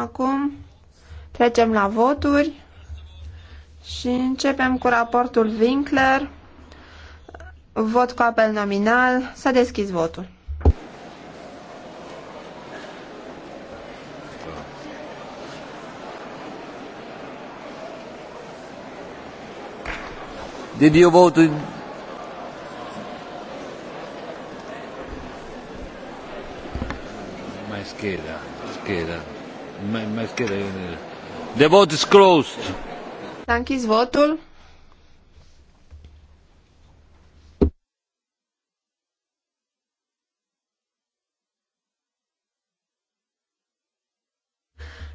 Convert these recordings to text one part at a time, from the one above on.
Acum trecem la voturi și începem cu raportul Winkler. Vot cu apel nominal. S-a deschis votul. Did you vote in? Mai scheda, scheda. Uh, The vote is closed. S-a închis votul.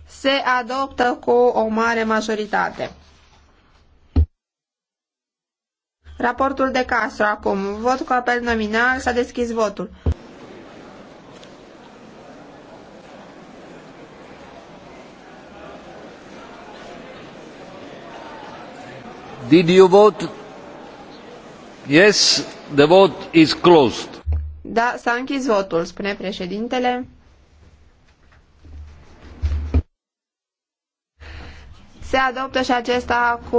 Se adoptă cu o mare majoritate. Raportul de Castro acum. Vot cu apel nominal. S-a deschis votul. Did you vote? Yes, the vote is closed. Da, s-a închis votul, spune președintele. Se adoptă și acesta cu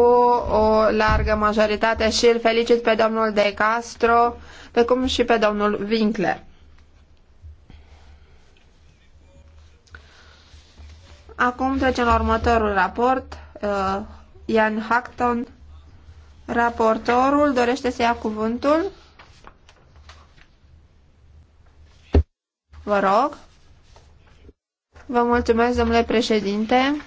o largă majoritate și îl felicit pe domnul De Castro, pe cum și pe domnul Winkler. Acum trecem la următorul raport. Uh, Ian Hackton Raportorul dorește să ia cuvântul? Vă rog. Vă mulțumesc, domnule președinte.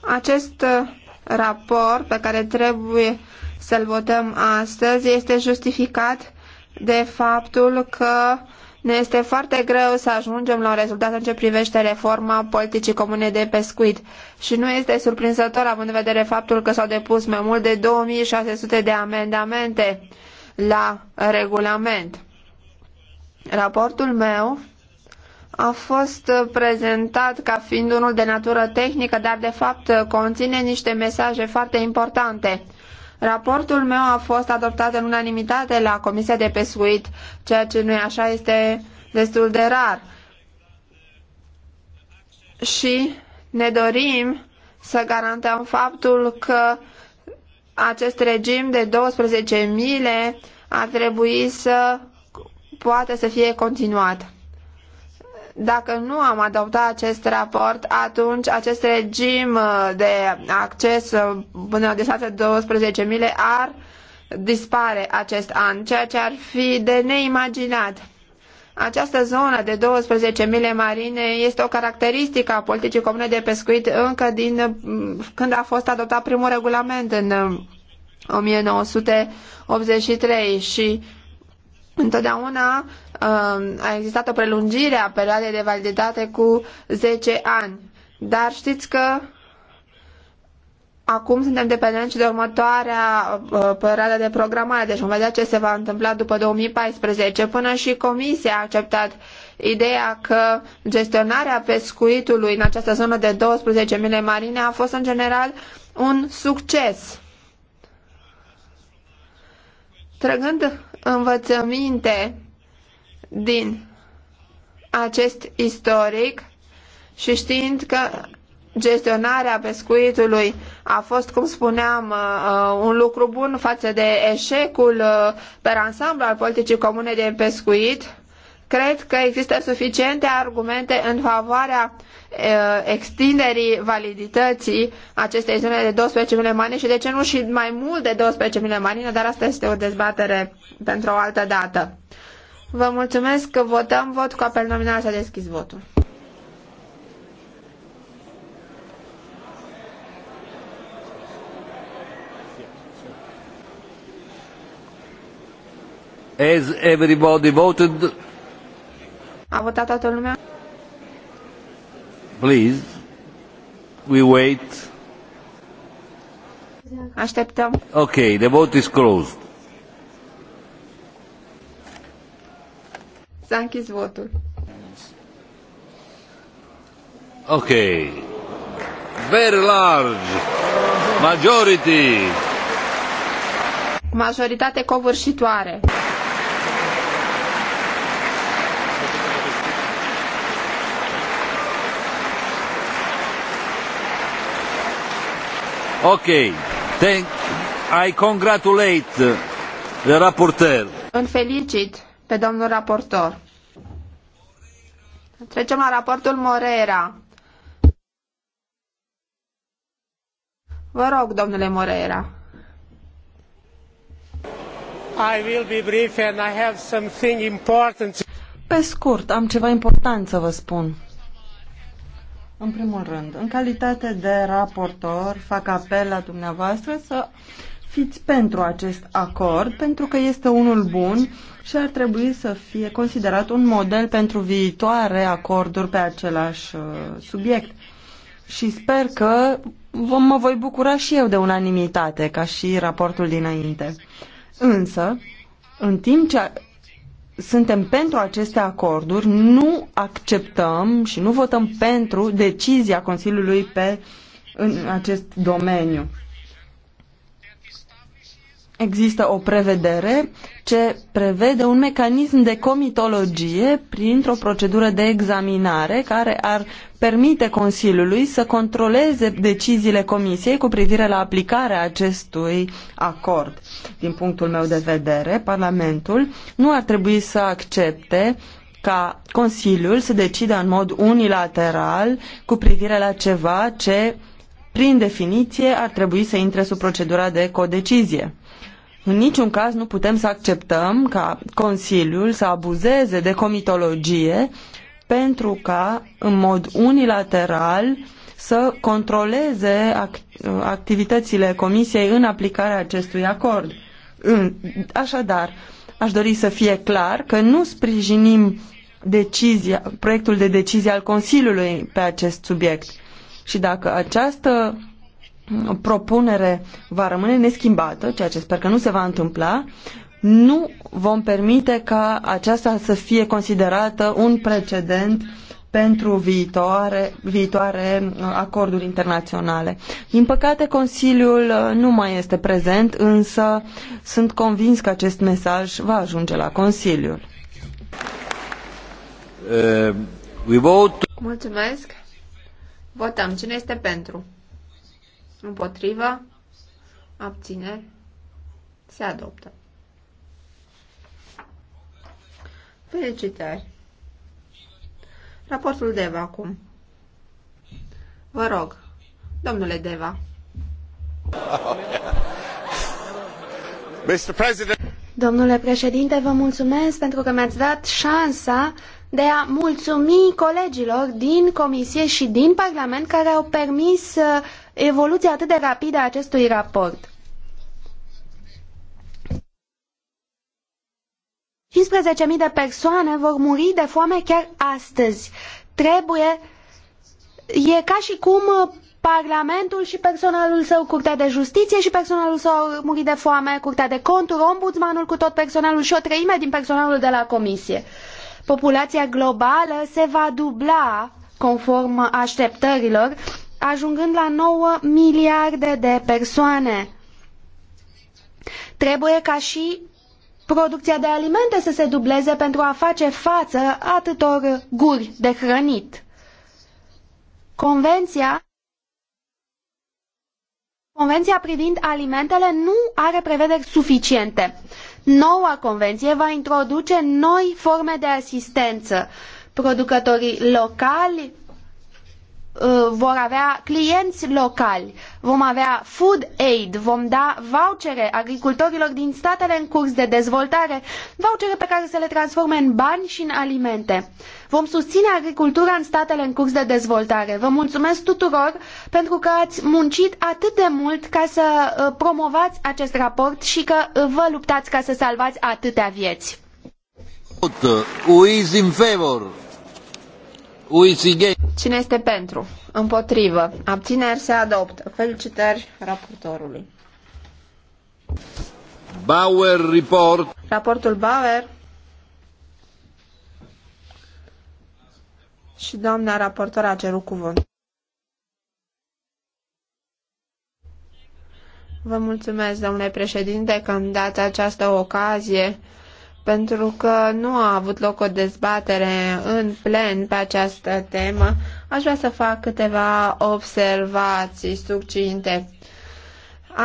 Acest uh, raport pe care trebuie să-l votăm astăzi este justificat de faptul că ne este foarte greu să ajungem la un rezultat în ce privește reforma politicii comune de pescuit și nu este surprinzător având în vedere faptul că s-au depus mai mult de 2600 de amendamente la regulament. Raportul meu a fost prezentat ca fiind unul de natură tehnică, dar de fapt conține niște mesaje foarte importante Raportul meu a fost adoptat în unanimitate la Comisia de Pescuit, ceea ce nu e așa este destul de rar. Și ne dorim să garantăm faptul că acest regim de 12 mile ar trebui să poată să fie continuat dacă nu am adoptat acest raport, atunci acest regim uh, de acces uh, până la distanță de 12 mile ar dispare acest an, ceea ce ar fi de neimaginat. Această zonă de 12 mile marine este o caracteristică a politicii comune de pescuit încă din uh, când a fost adoptat primul regulament în 1983 și Întotdeauna um, a existat o prelungire a perioadei de validitate cu 10 ani. Dar știți că acum suntem dependenți de următoarea uh, perioadă de programare, deci vom vedea ce se va întâmpla după 2014. Până și Comisia a acceptat ideea că gestionarea pescuitului în această zonă de 12 mile marine a fost în general un succes. Trăgând învățăminte din acest istoric și știind că gestionarea pescuitului a fost, cum spuneam, uh, uh, un lucru bun față de eșecul uh, pe ansamblu al politicii comune de pescuit, Cred că există suficiente argumente în favoarea extinderii validității acestei zone de 12 mile marine și de ce nu și mai mult de 12 mile marine, dar asta este o dezbatere pentru o altă dată. Vă mulțumesc că votăm vot cu apel nominal să deschis votul. Has everybody voted? A votat toată lumea? Please, we wait. Așteptăm. Ok, the vote is closed. S-a închis votul. Ok. Very large. Majority. Majoritate covârșitoare. Ok. Thank, I congratulate the raporteur. Îl felicit pe domnul raportor. Trecem la raportul Moreira. Vă rog, domnule Moreira. I will be brief and I have something important. Pe scurt, am ceva important să vă spun. În primul rând, în calitate de raportor, fac apel la dumneavoastră să fiți pentru acest acord, pentru că este unul bun și ar trebui să fie considerat un model pentru viitoare acorduri pe același uh, subiect. Și sper că vom, mă voi bucura și eu de unanimitate, ca și raportul dinainte. Însă, în timp ce suntem pentru aceste acorduri, nu acceptăm și nu votăm pentru decizia Consiliului pe, în acest domeniu există o prevedere ce prevede un mecanism de comitologie printr-o procedură de examinare care ar permite Consiliului să controleze deciziile Comisiei cu privire la aplicarea acestui acord. Din punctul meu de vedere, Parlamentul nu ar trebui să accepte ca Consiliul să decidă în mod unilateral cu privire la ceva ce, prin definiție, ar trebui să intre sub procedura de codecizie. În niciun caz nu putem să acceptăm ca Consiliul să abuzeze de comitologie pentru ca, în mod unilateral, să controleze activitățile Comisiei în aplicarea acestui acord. Așadar, aș dori să fie clar că nu sprijinim decizia, proiectul de decizie al Consiliului pe acest subiect. Și dacă această propunere va rămâne neschimbată, ceea ce sper că nu se va întâmpla, nu vom permite ca aceasta să fie considerată un precedent pentru viitoare, viitoare uh, acorduri internaționale. Din păcate, Consiliul uh, nu mai este prezent, însă sunt convins că acest mesaj va ajunge la Consiliul. Uh, Mulțumesc. Votăm. Cine este pentru? Împotrivă. Abțineri. Se adoptă. Felicitări. Raportul Deva acum. Vă rog, domnule Deva. Domnule președinte, vă mulțumesc pentru că mi-ați dat șansa de a mulțumi colegilor din Comisie și din Parlament care au permis uh, evoluția atât de rapidă a acestui raport. 15.000 de persoane vor muri de foame chiar astăzi. Trebuie... E ca și cum Parlamentul și personalul său, Curtea de Justiție și personalul său au murit de foame, Curtea de Conturi, Ombudsmanul cu tot personalul și o treime din personalul de la Comisie. Populația globală se va dubla conform așteptărilor ajungând la 9 miliarde de persoane. Trebuie ca și producția de alimente să se dubleze pentru a face față atâtor guri de hrănit. Convenția Convenția privind alimentele nu are prevederi suficiente. Noua convenție va introduce noi forme de asistență. Producătorii locali Uh, vor avea clienți locali, vom avea food aid, vom da vouchere agricultorilor din statele în curs de dezvoltare, vouchere pe care să le transforme în bani și în alimente. Vom susține agricultura în statele în curs de dezvoltare. Vă mulțumesc tuturor pentru că ați muncit atât de mult ca să uh, promovați acest raport și că uh, vă luptați ca să salvați atâtea vieți. Who is in favor? Cine este pentru? Împotrivă. Abțineri se adoptă. Felicitări raportorului. Bauer Report. Raportul Bauer. Și doamna raportor a cerut cuvânt. Vă mulțumesc, domnule președinte, că îmi dați această ocazie pentru că nu a avut loc o dezbatere în plen pe această temă, aș vrea să fac câteva observații succinte.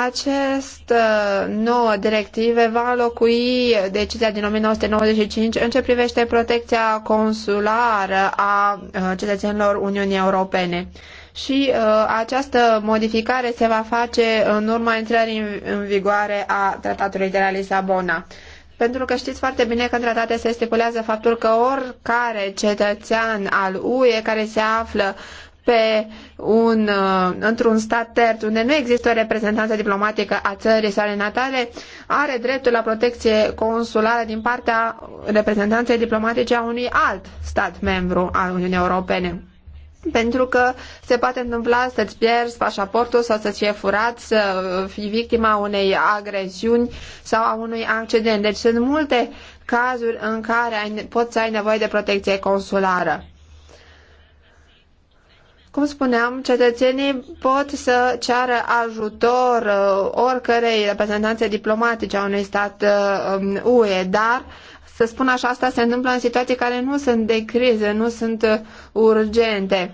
Acest uh, nouă directive va înlocui decizia din 1995 în ce privește protecția consulară a uh, cetățenilor Uniunii Europene. Și uh, această modificare se va face în urma intrării în, în vigoare a Tratatului de la Lisabona. Pentru că știți foarte bine că în tratate se stipulează faptul că oricare cetățean al UE care se află pe un, uh, într-un stat terț unde nu există o reprezentanță diplomatică a țării sale natale, are dreptul la protecție consulară din partea reprezentanței diplomatice a unui alt stat membru al Uniunii Europene pentru că se poate întâmpla să-ți pierzi pașaportul sau să-ți fie furat, să fii victima unei agresiuni sau a unui accident. Deci sunt multe cazuri în care ai, poți să ai nevoie de protecție consulară. Cum spuneam, cetățenii pot să ceară ajutor uh, oricărei reprezentanțe diplomatice a unui stat UE, uh, um, dar să spun așa, asta se întâmplă în situații care nu sunt de criză, nu sunt uh, urgente.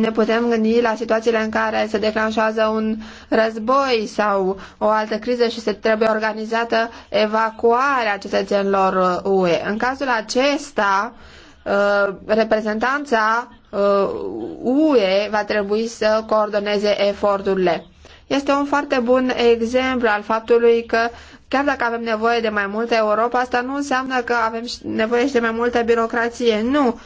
Ne putem gândi la situațiile în care se declanșează un război sau o altă criză și se trebuie organizată evacuarea cetățenilor UE. Uh, în cazul acesta, uh, reprezentanța UE va trebui să coordoneze eforturile. Este un foarte bun exemplu al faptului că uh, Chiar dacă avem nevoie de mai multă Europa, asta nu înseamnă că avem nevoie și de mai multă birocrație. Nu!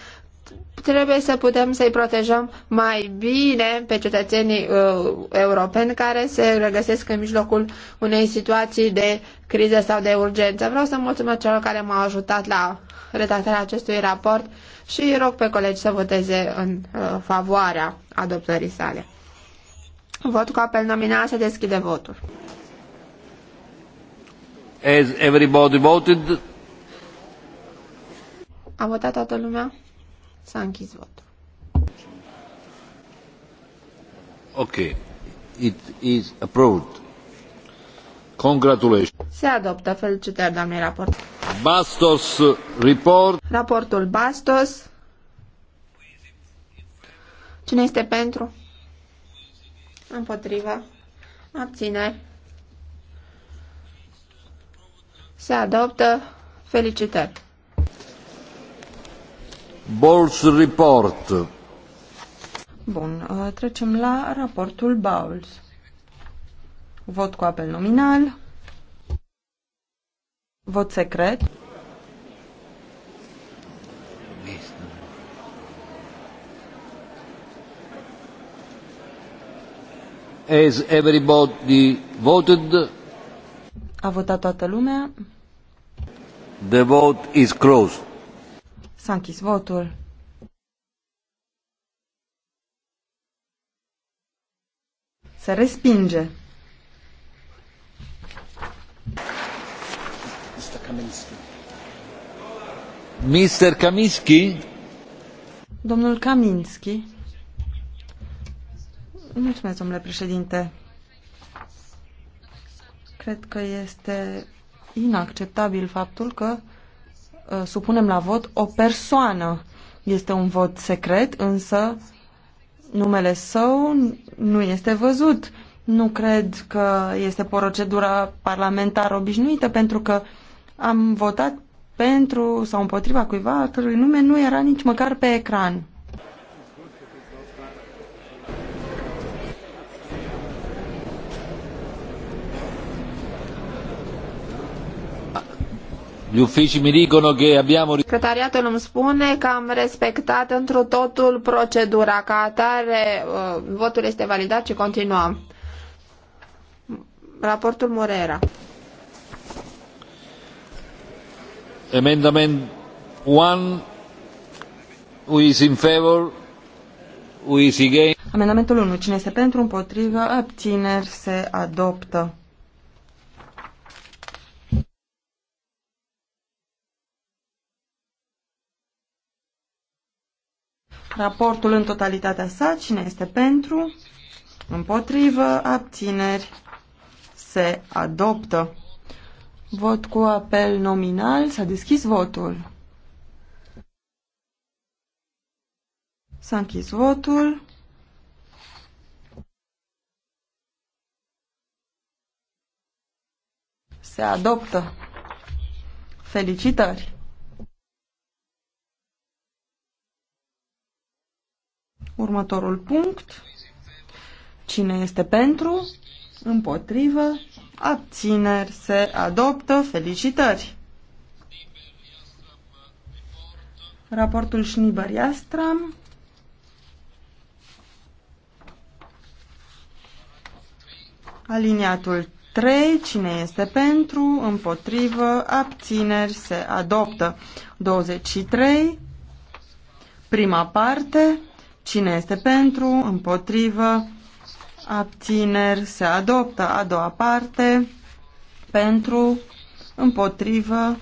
Trebuie să putem să-i protejăm mai bine pe cetățenii uh, europeni care se regăsesc în mijlocul unei situații de criză sau de urgență. Vreau să mulțumesc celor care m-au ajutat la redactarea acestui raport și rog pe colegi să voteze în uh, favoarea adoptării sale. Vot cu apel nominal se deschide votul. Has everybody voted? A votat toată lumea? S-a închis votul. Ok. It is approved. Congratulations. Se adoptă. Felicitări, doamnei raport. Bastos report. Raportul Bastos. Cine este pentru? Împotriva. Abțineri. Se adoptă. Felicitări. Bowles Report. Bun, uh, trecem la raportul Bowles. Vot cu apel nominal. Vot secret. Has everybody voted? A votat toată lumea. The vote is closed. S-a închis votul. Se respinge. Mr. Kaminski. Mr. Kaminski? Domnul Kaminski. Mulțumesc, domnule președinte. Cred că este inacceptabil faptul că uh, supunem la vot o persoană. Este un vot secret, însă numele său nu este văzut. Nu cred că este procedura parlamentară obișnuită, pentru că am votat pentru sau împotriva cuiva cărui nume nu era nici măcar pe ecran. Gli uffici mi dicono che abbiamo... Secretariatul îmi spune că am respectat întru totul procedura ca atare. Uh, votul este validat și continuăm. Raportul Morera. Amendament 1. Who is in favor? Who is against? Amendamentul 1. Cine este pentru, împotrivă, abțineri, se adoptă. raportul în totalitatea sa. Cine este pentru? Împotrivă, abțineri, se adoptă. Vot cu apel nominal. S-a deschis votul. S-a închis votul. Se adoptă. Felicitări! Următorul punct. Cine este pentru? Împotrivă? Abțineri se adoptă. Felicitări! Raportul Schnieber-Jastram. Aliniatul 3. Cine este pentru? Împotrivă? Abțineri se adoptă. 23. Prima parte. Cine este pentru? Împotrivă? Abțineri? Se adoptă. A doua parte. Pentru? Împotrivă?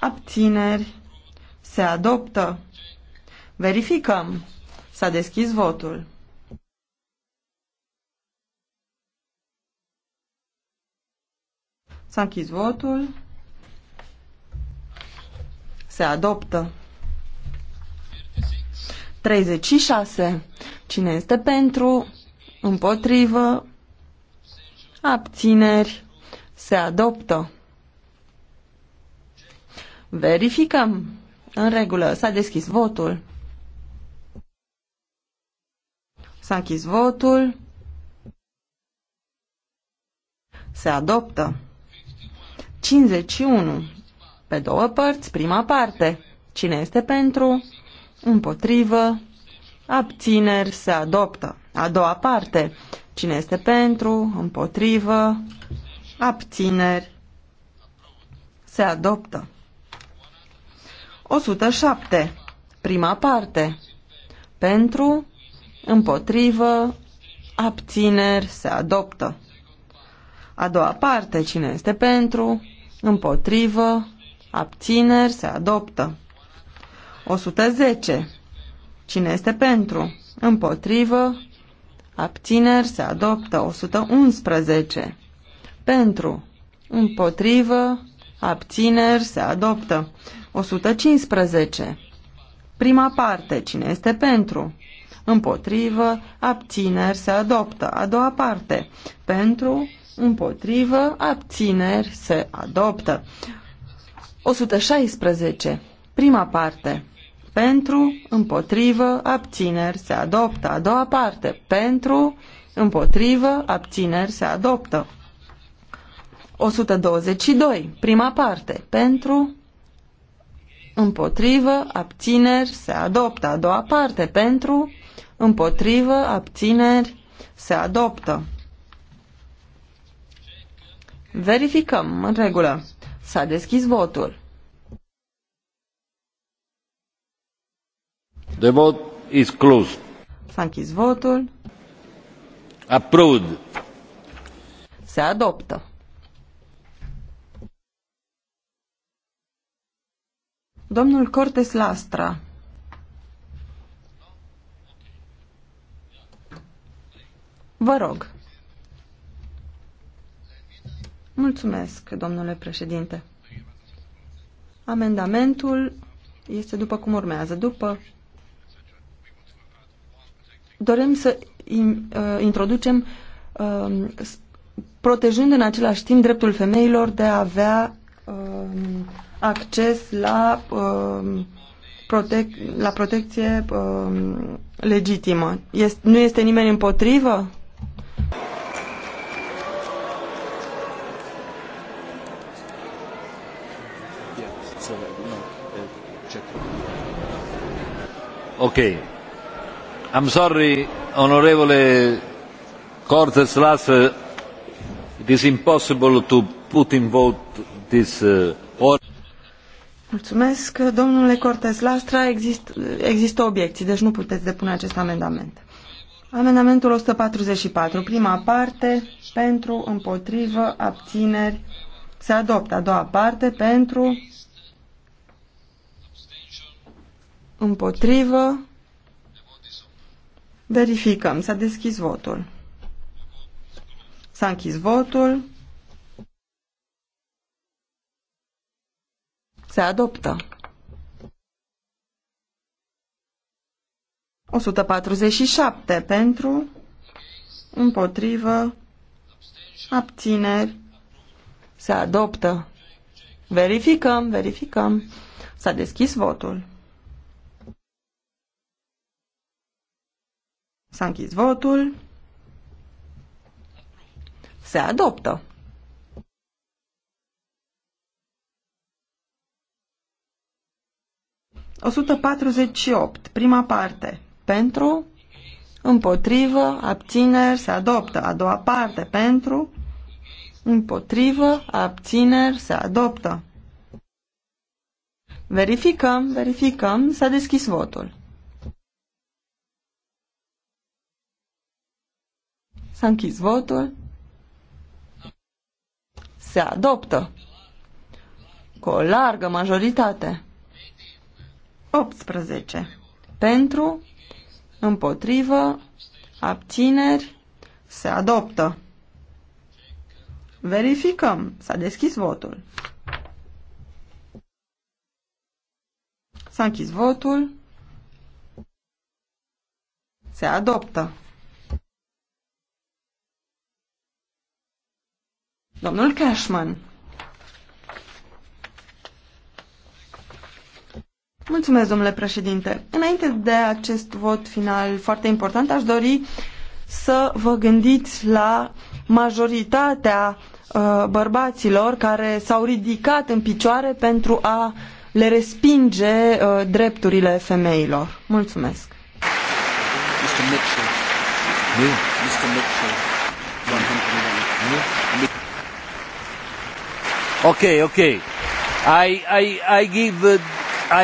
Abțineri? Se adoptă. Verificăm. S-a deschis votul. S-a închis votul. Se adoptă. 36. Cine este pentru? Împotrivă? Abțineri? Se adoptă. Verificăm. În regulă. S-a deschis votul. S-a închis votul. Se adoptă. 51. Pe două părți, prima parte. Cine este pentru? împotrivă, abțineri se adoptă. A doua parte, cine este pentru, împotrivă, abțineri se adoptă. 107. Prima parte. Pentru, împotrivă, abțineri se adoptă. A doua parte, cine este pentru, împotrivă, abțineri se adoptă. 110. Cine este pentru? Împotrivă. Abțineri se adoptă. 111. Pentru. Împotrivă. Abțineri se adoptă. 115. Prima parte. Cine este pentru? Împotrivă. Abțineri se adoptă. A doua parte. Pentru. Împotrivă. Abțineri se adoptă. 116. Prima parte pentru, împotrivă, abțineri, se adoptă. A doua parte, pentru, împotrivă, abțineri, se adoptă. 122, prima parte, pentru, împotrivă, abțineri, se adoptă. A doua parte, pentru, împotrivă, abțineri, se adoptă. Verificăm, în regulă. S-a deschis votul. The vote is closed. S-a închis votul. Approved. Se adoptă. Domnul Cortes Lastra. Vă rog. Mulțumesc, domnule președinte. Amendamentul este după cum urmează. După Dorim să uh, introducem um, protejând în același timp dreptul femeilor de a avea um, acces la um, protec- la protecție legitimă. Este, nu este nimeni împotrivă? Ok. I'm sorry, onorevole Cortes Lastra, it is impossible to put in vote this uh, order. Mulțumesc, domnule Cortes Lastra, exist, există obiecții, deci nu puteți depune acest amendament. Amendamentul 144, prima parte, pentru, împotrivă, abțineri, se adoptă. A doua parte, pentru, împotrivă, Verificăm. S-a deschis votul. S-a închis votul. Se adoptă. 147 pentru, împotrivă, abțineri, se adoptă. Verificăm, verificăm. S-a deschis votul. S-a închis votul. Se adoptă. opt prima parte, pentru, împotrivă, abțineri, se adoptă. A doua parte, pentru, împotrivă, abțineri, se adoptă. Verificăm, verificăm, s-a deschis votul. S-a închis votul. Se adoptă cu o largă majoritate. 18. Pentru, împotrivă, abțineri, se adoptă. Verificăm. S-a deschis votul. S-a închis votul. Se adoptă. Domnul Cashman. Mulțumesc, domnule președinte. Înainte de acest vot final foarte important, aș dori să vă gândiți la majoritatea uh, bărbaților care s-au ridicat în picioare pentru a le respinge uh, drepturile femeilor. Mulțumesc. Mr. Mitchell. Yeah. Mr. Mitchell. Ok, ok. I, I, I, give,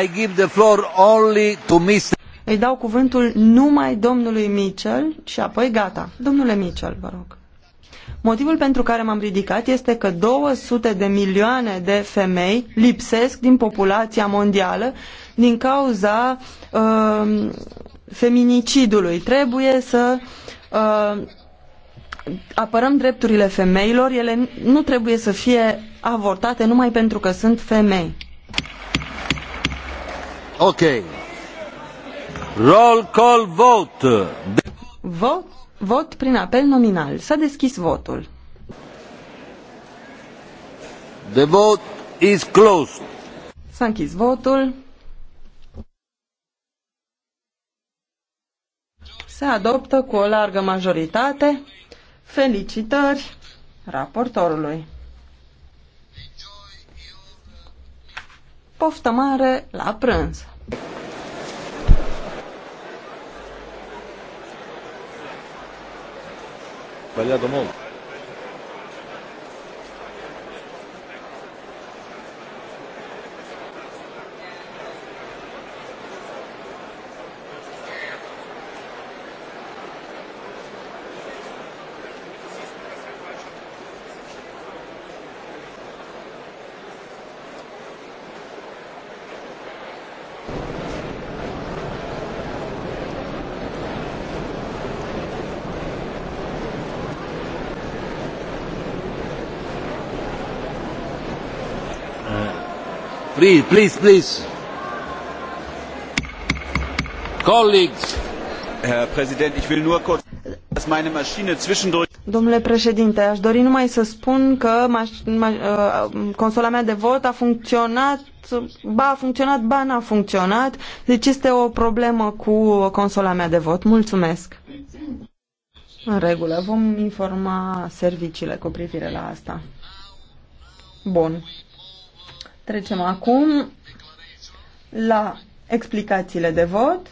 I give the floor only to Mr. Îi dau cuvântul numai domnului Mitchell și apoi gata. Domnule Mitchell, vă rog. Motivul pentru care m-am ridicat este că 200 de milioane de femei lipsesc din populația mondială din cauza uh, feminicidului. Trebuie să uh, apărăm drepturile femeilor, ele nu trebuie să fie avortate numai pentru că sunt femei. Ok. Roll call vote. Vot, vot prin apel nominal. S-a deschis votul. The vote is closed. S-a închis votul. Se adoptă cu o largă majoritate Felicitări raportorului. Poftă mare la prânz. Sbagliato molto. Please, please, please. Colleagues. Herr Präsident, ich will nur kurz, dass meine Maschine zwischendurch Domnule președinte, aș dori numai să spun că uh, consola mea de vot a funcționat, ba a funcționat, ba n-a funcționat, deci este o problemă cu consola mea de vot. Mulțumesc! În regulă, vom informa serviciile cu privire la asta. Bun. Trecem acum la explicațiile de vot.